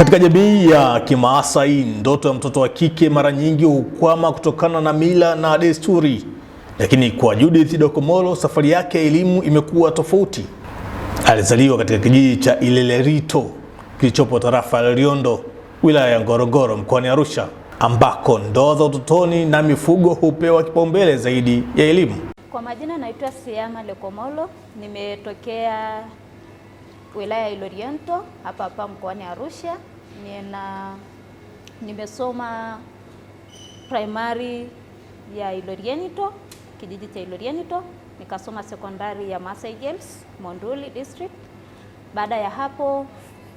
Katika jamii ya Kimaasai, ndoto ya mtoto wa kike mara nyingi hukwama kutokana na mila na desturi, lakini kwa Judith Dokomolo safari yake ya elimu imekuwa tofauti. Alizaliwa katika kijiji cha Ilelerito kilichopo tarafa ya Loliondo, wilaya ya Ngorongoro, mkoani Arusha, ambako ndoa za utotoni na mifugo hupewa kipaumbele zaidi ya elimu. Kwa majina naitwa Siama Lekomolo, nimetokea wilaya ya Iloriento hapa hapa mkoani Arusha nina nimesoma primary ya Ilorienito, kijiji cha Ilorienito, nikasoma sekondari ya Masai Girls Monduli district. Baada ya hapo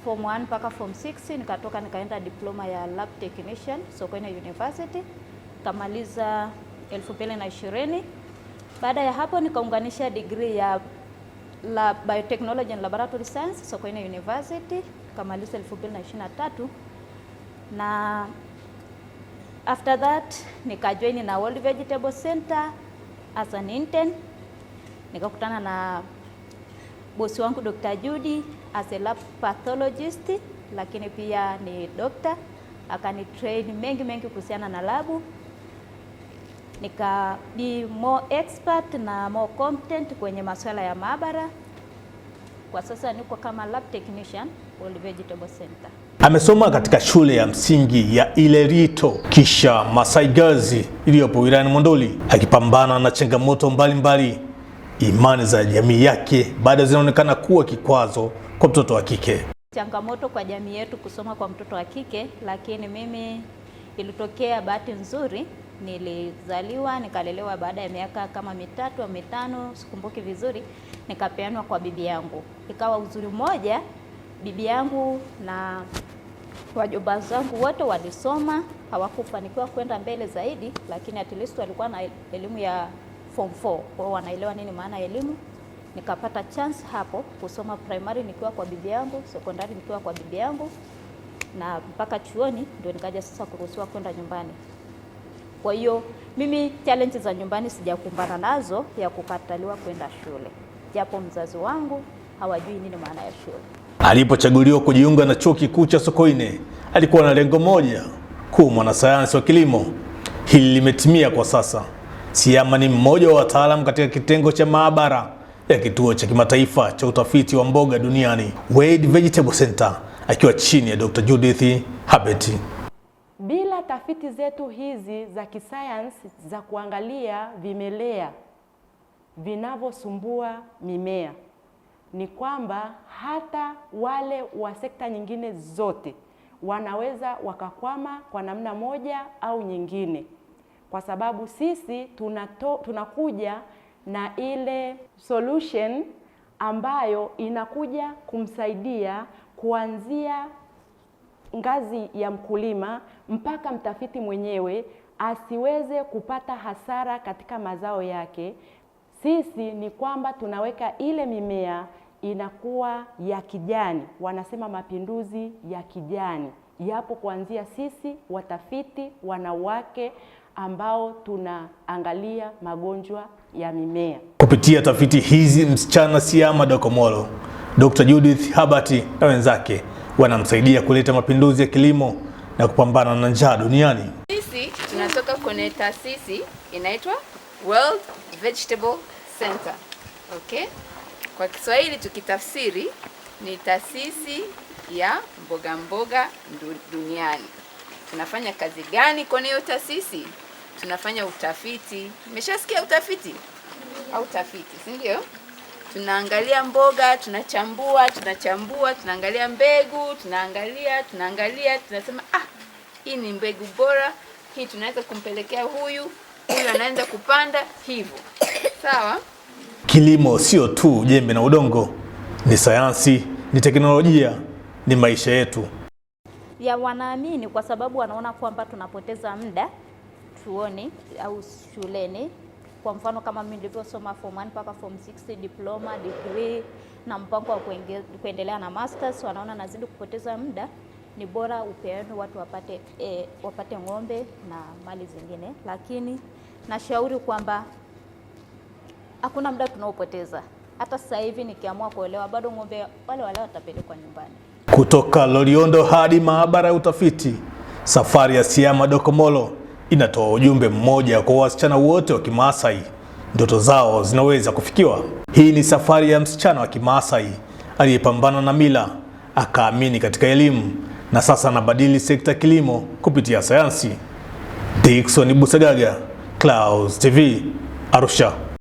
form 1 mpaka form 6 nikatoka nikaenda diploma ya lab technician Sokoine University kamaliza 2020. Baada ya hapo nikaunganisha degree ya la Biotechnology and Laboratory Science Sokoine University kamaliza 2023 na after that nikajoin na World Vegetable Center as an intern, nikakutana na bosi wangu Dr. Judy as a lab pathologist, lakini pia ni doctor, akanitrain mengi mengi kuhusiana na labu nika be more expert na more competent kwenye masuala ya maabara. Kwa sasa niko kama lab technician Old Vegetable Center. Amesoma katika shule ya msingi ya Ilerito kisha Masaigazi iliyopo wilayani Monduli, akipambana na changamoto mbalimbali. Imani za jamii yake bado zinaonekana kuwa kikwazo kwa mtoto wa kike. Changamoto kwa jamii yetu kusoma kwa mtoto wa kike, lakini mimi ilitokea bahati nzuri Nilizaliwa nikalelewa, baada ya miaka kama mitatu au mitano, sikumbuki vizuri, nikapeanwa kwa bibi yangu. Ikawa uzuri mmoja, bibi yangu na wajomba zangu wote walisoma, hawakufanikiwa kwenda mbele zaidi, lakini at least walikuwa na elimu ya form 4 kwao, wanaelewa nini maana ya elimu. Nikapata chance hapo kusoma primary nikiwa kwa bibi yangu, sekondari nikiwa kwa bibi yangu, na mpaka chuoni ndio nikaja sasa kuruhusiwa kwenda nyumbani. Kwa hiyo mimi challenge za nyumbani sijakumbana nazo ya kukataliwa kwenda shule, japo mzazi wangu hawajui nini maana ya shule. Alipochaguliwa kujiunga na chuo kikuu cha Sokoine alikuwa na lengo moja kuu, mwanasayansi wa kilimo. Hili limetimia kwa sasa. Siama ni mmoja wa wataalamu katika kitengo cha maabara ya kituo cha kimataifa cha utafiti wa mboga duniani Wade Vegetable Center, akiwa chini ya Dr. Judith Habeti. Bila tafiti zetu hizi za kisayansi za kuangalia vimelea vinavyosumbua mimea, ni kwamba hata wale wa sekta nyingine zote wanaweza wakakwama kwa namna moja au nyingine, kwa sababu sisi tunato, tunakuja na ile solution ambayo inakuja kumsaidia kuanzia ngazi ya mkulima mpaka mtafiti mwenyewe asiweze kupata hasara katika mazao yake. Sisi ni kwamba tunaweka ile mimea inakuwa ya kijani, wanasema mapinduzi ya kijani yapo kuanzia sisi watafiti wanawake ambao tunaangalia magonjwa ya mimea. Kupitia tafiti hizi, msichana Siama Dokomolo, Dr. Judith Habati na wenzake wanamsaidia kuleta mapinduzi ya kilimo na kupambana na njaa duniani. Sisi tunatoka kwenye taasisi inaitwa World Vegetable Center. Okay? Kwa Kiswahili tukitafsiri ni taasisi ya mboga mboga duniani. Tunafanya kazi gani kwenye hiyo taasisi? Tunafanya utafiti. Umeshasikia utafiti au tafiti, si ndio? tunaangalia mboga, tunachambua tunachambua, tunaangalia mbegu, tunaangalia tunaangalia, tunasema ah, hii ni mbegu bora, hii tunaweza kumpelekea huyu huyu, anaanza kupanda hivyo. Sawa. Kilimo sio tu jembe na udongo, ni sayansi, ni teknolojia, ni maisha yetu ya wanaamini, kwa sababu wanaona kwamba tunapoteza muda chuoni au shuleni kwa mfano kama mimi nilivyosoma form 1 mpaka form 6, diploma, degree na mpango wa kuendelea na masters, wanaona nazidi kupoteza muda, ni bora upeane watu wapate, e, wapate ng'ombe na mali zingine, lakini nashauri kwamba hakuna muda tunaopoteza. Hata sasa hivi nikiamua kuolewa, bado ng'ombe wale wale watapelekwa nyumbani. Kutoka Loliondo hadi maabara ya utafiti, safari ya Siama Dokomolo inatoa ujumbe mmoja kwa wasichana wote wa Kimaasai: ndoto zao zinaweza kufikiwa. Hii ni safari ya msichana wa Kimaasai aliyepambana na mila, akaamini katika elimu na sasa anabadili sekta ya kilimo kupitia sayansi. Dickson Busagaga, Clouds TV, Arusha.